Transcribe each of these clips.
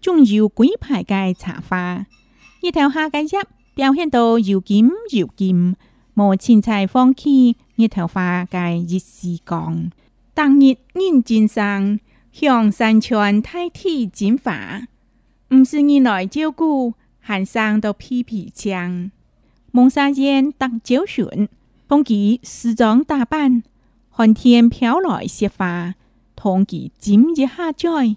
種有歸排個茶花，日頭下個葉表現都油金油金，無儘採放棄，日頭花個一絲光，逐日認真生，享山川大地精華，毋使人來照顧，還生都皮皮青。濛沙煙逐朝晨，同佢梳妝打扮，寒天飄來雪花，同佢唚一下嘴。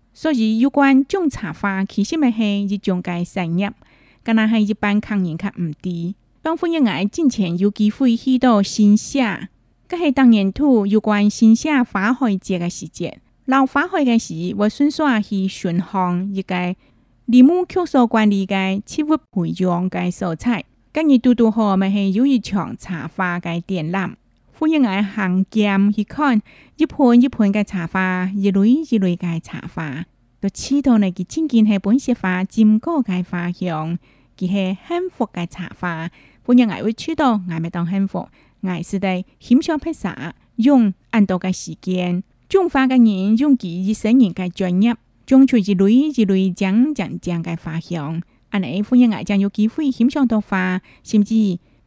所以，有關種茶花其實咪是一種介產業，噶那係一般客人卻唔知。當翻譯眼之前有機會去到新社，噶係當年土有關新社花卉節嘅時節。老花卉嘅時，我順續係尋訪一個林木缺少管理嘅植物培養嘅素材，今日多多好咪是有，有一場茶花嘅展覽。歡迎我行鑑去看一盤一盤嘅茶花，一蕊一蕊嘅茶花，都知道佢真正係本色花，艷歌嘅花香，佢係幸福嘅茶花。歡迎我會出道，我咪當幸福，我哋欣賞欣賞，用唔同嘅時間，種花嘅人用佢一生人嘅專業，種出一蕊一蕊正正正嘅花香。我、啊、哋歡迎我，仲有機會欣賞到花，甚至。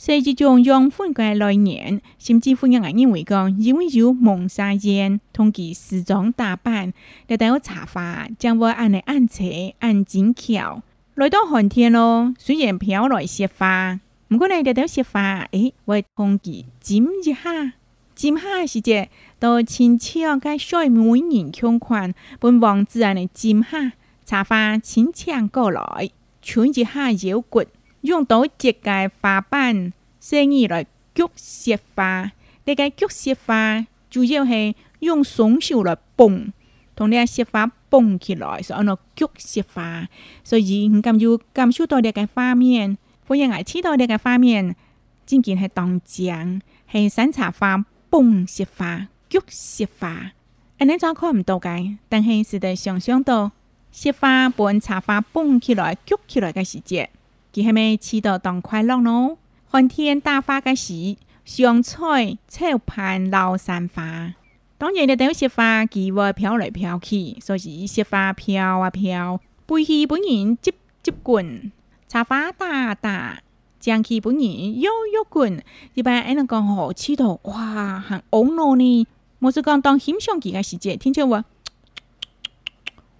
四季中，用分季來年，甚至乎有人認為講，因為有濛沙煙同佢梳妝打扮嚟睇我茶花，將我按嚟按切按剪巧。來到寒天咯，雖然飄來雪花，不過你哋啲雪花，誒、哎，會同佢唚一下，唚下時節，到纖纖嘅衰美年，穿裙，本王自然嚟唚下茶花清醒過來，伸一下腰骨。用多摺個花瓣，細義來挶雪花。呢個挶雪花，主要是用雙手來蹦，同呢個雪花蹦起來，所以叫挶雪花。所以你感覺感受到呢個畫面，或者講睇到呢個畫面，僅僅係當靜，係山茶花蹦雪花，挶雪花。你再看唔到嘅，但係實在想象到雪花伴茶花蹦起來，挶起來嘅時節。佢係咪祈禱當快樂咯？寒天打花個時，相賽湊伴遶山花。當然啦，等雪花佢會飄來飄去，所以雪花飄啊飄，飛去分人嘖嘖滾，茶花大大，靚去分人唷唷滾。一般喺那個河祈禱哇，很懊惱呢。毋是講當欣賞佢嘅時節，聽清楚。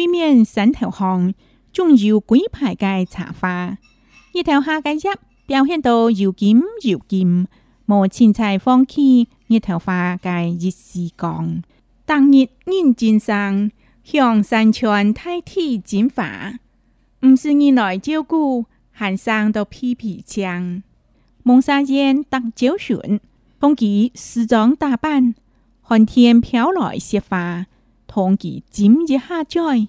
對面山頭項，種有歸排個茶花。日頭下個葉，表現都油金油金。無儘採放棄日頭花個一絲光。逐日認真生，享山川大地精華。毋使人來照顧，還生都皮皮青。濛沙煙逐朝晨，同佢，梳妝打扮。寒天飄來雪花，同佢唚一下嘴。